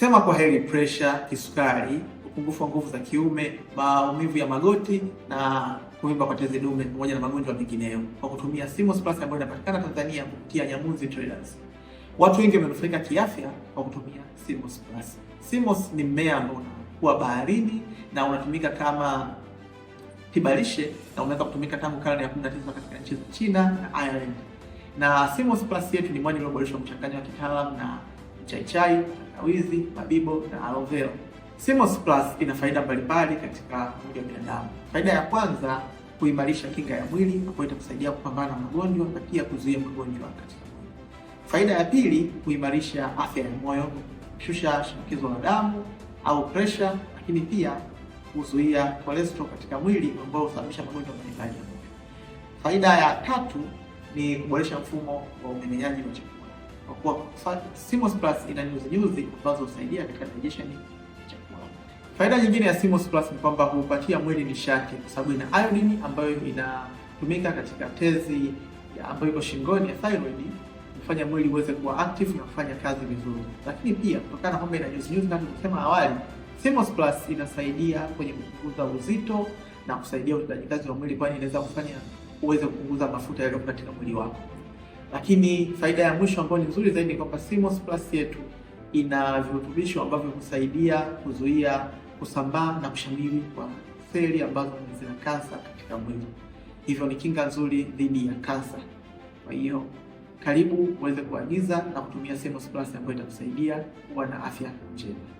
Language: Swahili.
Sema kwa heri presha, kisukari, upungufu wa nguvu za kiume, maumivu ya magoti na kuvimba kwa tezi dume pamoja na magonjwa mengineyo kwa kutumia Simos Plus ambayo inapatikana Tanzania kupitia Nyamuzi Traders. Watu wengi wamenufaika kiafya kwa kutumia Simos Plus. Simos ni mmea ambao unakuwa baharini na unatumika kama tibalishe na unaweza kutumika tangu karne ya 19 katika nchi za China na Ireland. Na Simos Plus yetu ni mwani ulioboreshwa mchanganyo wa kitaalamu na chaichai, tangawizi, mabibo na aloe vera. Simos Plus ina faida mbalimbali katika mwili wa binadamu. Faida ya kwanza, kuimarisha kinga ya mwili ambayo itakusaidia kupambana na magonjwa na pia kuzuia magonjwa katika mwili. Faida ya pili, kuimarisha afya ya moyo, kushusha shinikizo la damu au pressure, lakini pia kuzuia cholesterol katika mwili ambao husababisha magonjwa mbalimbali ya moyo. Faida ya tatu ni kuboresha mfumo wa umeng'enyaji wa chakula kwa kuwa Simos Plus ina nyuzi nyuzi ambazo husaidia katika digestion ya chakula. Faida nyingine ya Simos Plus ni kwamba hupatia mwili nishati kwa sababu ina iodine ambayo inatumika katika tezi ambayo iko shingoni ya thyroid kufanya mwili uweze kuwa active na kufanya kazi vizuri. Lakini pia kutokana na kwamba ina nyuzi nyuzi kama tulisema awali, Simos Plus inasaidia kwenye kupunguza uzito na kusaidia utendaji kazi wa mwili, kwani inaweza kufanya uweze kupunguza mafuta yaliyo katika mwili wako. Lakini faida ya mwisho ambayo ni nzuri zaidi ni kwamba Simos Plus yetu ina virutubisho ambavyo husaidia kuzuia kusambaa na kushamiri kwa seli ambazo ni zina kansa katika mwili, hivyo ni kinga nzuri dhidi ya kansa. Kwa hiyo karibu uweze kuagiza na kutumia Simos Plus ambayo itakusaidia kuwa na afya njema.